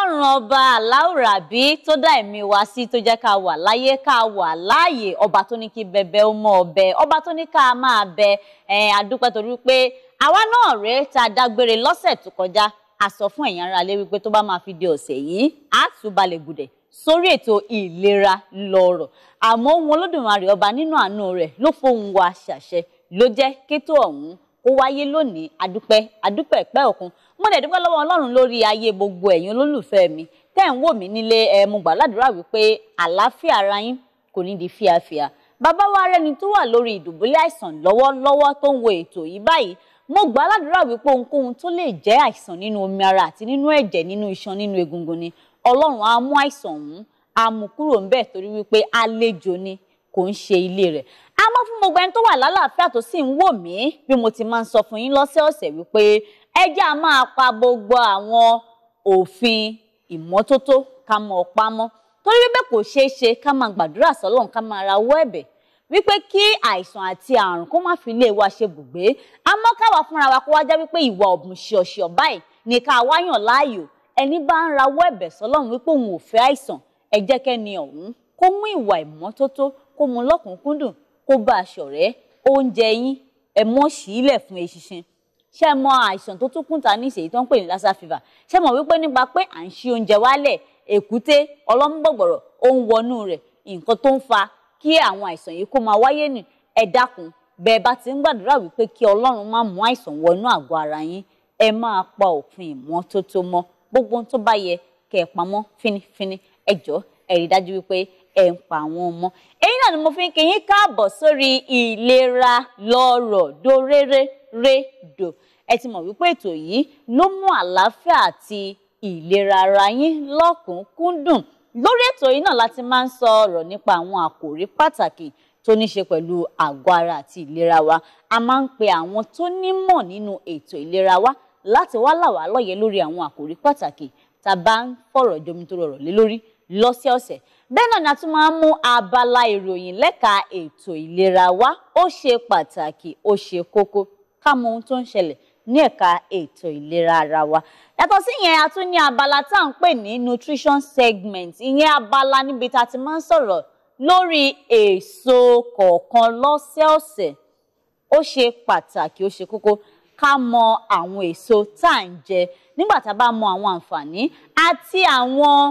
ọlọ́run ọba aláwùrábí tó dá ẹ̀mí wa sí tó jẹ́ ká wà láyé ká wà láàyè ọba tó ní kí bẹbẹ ó mọ ọbẹ ọba tó ní ká máa bẹ ẹ̀ àdúpẹ́ torí pé àwa náà rèé ta dágbére lọ́sẹ̀ tó kọjá a sọ fún ẹ̀yin lé wípé tó bá máa fi di ọ̀sẹ̀ yìí á tún balẹ̀ gùdẹ̀ sórí ètò ìlera lọ́rọ̀ àmọ́ ohun Olódùmarè ọba nínú àánú rẹ̀ ló fohùn wa ṣàṣẹ ló jẹ́ kétó ọ̀hún kó wáyé lónìí àdúpẹ́ àdúpẹ́ ìpẹ́ òkun mo dẹ̀ dúpẹ́ lọ́wọ́ ọlọ́run lórí ayé gbogbo ẹ̀yin olólùfẹ́ mi tẹ́ ń wò mí nílé ẹ mo gbà ládùúrà wípé àlàáfíà ara yín kò ní di fíafíà bàbá wa rẹni tó wà lórí ìdùbúlẹ̀ àìsàn lọ́wọ́lọ́wọ́ tó ń wo ètò yìí báyìí mo gbà ládùúrà wípé ohunkóhun tó lè jẹ́ àìsàn nínú omi ara àti nínú ẹ̀jẹ̀ nínú iṣan nínú egungun ni ọlọ́run á mú àìsàn ọ̀hún á mú kúrò ńbẹ̀ torí wípé àlejò ni kò ń ṣe ilé rẹ̀ àmọ́ fún gbogbo ẹni tó wà lálàáfíà tó sì ń wò mí bí mo ti máa ń sọ fún yín lọ́sẹ̀ọ̀sẹ̀ wípé ẹ jẹ́ a máa pa gbogbo àwọn òfin ìmọ́tótó ká mọ̀ ọ̀pá mọ́ torí wípé kò ṣeé ṣe ká máa gbàdúrà sọ́lọ́run ká máa rawọ́ ẹ̀bẹ̀ wípé kí àìsàn àti àrùn kó má fi lè wa ṣe bùgbé àmọ́ káwa fúnra wa kó wá jẹ́ wípé ìwà ọ̀bùn ṣọ̀ṣọ̀ báyìí ni ká wáyàn láàyò ẹni bá ń rawọ́ ẹ̀bẹ̀ sọ́lọ́run kó mú ìwà ìmọ́tótó kó mu lọ́kùnkúndùn kó bá a ṣọ̀rẹ́ oúnjẹ yín ẹ mọ́ sílẹ̀ fún eṣinṣin ṣé ẹ mọ àìsàn tó tún kùntà ní ìṣèyí tó ń pè ní lassa fever ṣé mọ̀ wípé nípa pé à ń ṣí oúnjẹ wálẹ̀ èkúté ọlọ́múbọ̀gbọ̀rọ̀ ó ń wọnú rẹ̀ nǹkan tó ń fa kí àwọn àìsàn yìí kó máa wáyé nì ẹ dákun bẹ́ẹ̀ bá ti ń gbàdúrà wípé kí Ọlọ́run má mú àìsàn wọnú àgọ́ ara yín ẹ máa pa òfin ìmọ́tótó mọ́ gbogbo ohun tó bá yẹ kẹ́ ẹ pamọ́ fínífíní ẹ jọ̀ọ́ ẹ rí dájú wípé ẹ ń pa àwọn ọmọ. èyí náà ni mo fi ń kí yín káàbọ̀ sórí ìlera lọ́rọ̀ dórérérèdò ẹ ti mọ̀ wípé ètò yìí ló mú àlàáfíà àti ìlera ara yín lọ́kùnkúndùn lórí ètò yìí náà láti máa ń sọ ọ̀rọ̀ nípa àwọn àkòrí pàtàkì tó ní ṣe pẹ̀lú àgọ́ ara àti ìlera wa a máa ń pe àwọn tó nímọ̀ nínú ètò ìlera wa láti wá là wá lóye lórí àwọn àkòrí pàtàkì tá a bá ń fọ̀rọ̀ jomitoro ọ̀rọ̀ lé lórí lọ́sẹ̀ọ̀sẹ̀ bẹ́ẹ̀ náà ni a tún máa ń mú abala ìròyìn lẹ́ka ètò ìlera wa ó ṣe pàtàkì ó ṣe kókó ká mọ ohun tó ń ṣẹlẹ̀ ní ẹ̀ka ètò ìlera ara wa yàtọ̀ sí yẹn a tún ní abala tá à ń pè ní nutrition segment ìyẹn abala níbi tá a ti máa ń sọ̀rọ̀ lórí èso kọ̀ọ̀kan lọ́sẹ̀ọ̀sẹ̀ ó ṣe pàtàkì ó ṣe kókó ká mọ àwọn èso tá à ń jẹ nígbà tá a bá mọ àwọn àǹfààní àti àwọn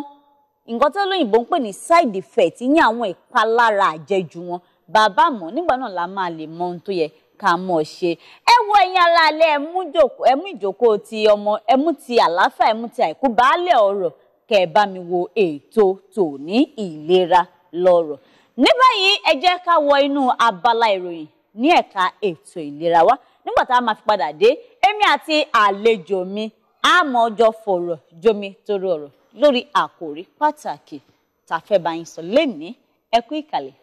nǹkan tó lóyìnbó ń pè ní side effect ìyẹn àwọn ìpalára àjẹjù wọn bàbá mọ̀ nígbà náà la máa lè mọ ohun tó yẹ ká mọ̀ ṣe ẹ wo ẹ̀yin ara alẹ́ ẹmú ìjókòó ti ọmọ ẹmú ti àlàáfíà ẹmú ti àìkú baálẹ̀ ọ̀rọ̀ kẹ ẹ bá mi wo ètò tòní ìlera lọ́rọ̀ ní báyìí ẹ jẹ́ ká wọ inú abala ìròyìn ní ẹ̀ka ètò ìlera wa nígbà tá a máa fi padà dé èmi àti àlejò mi àmọ́ ọjọ́ fọ̀rọ̀ jomi torí ọ̀rọ̀ lórí àkòrí pàtàkì tá a fẹ́ bá yín sọ lénìí ẹ kú ìkàlẹ̀.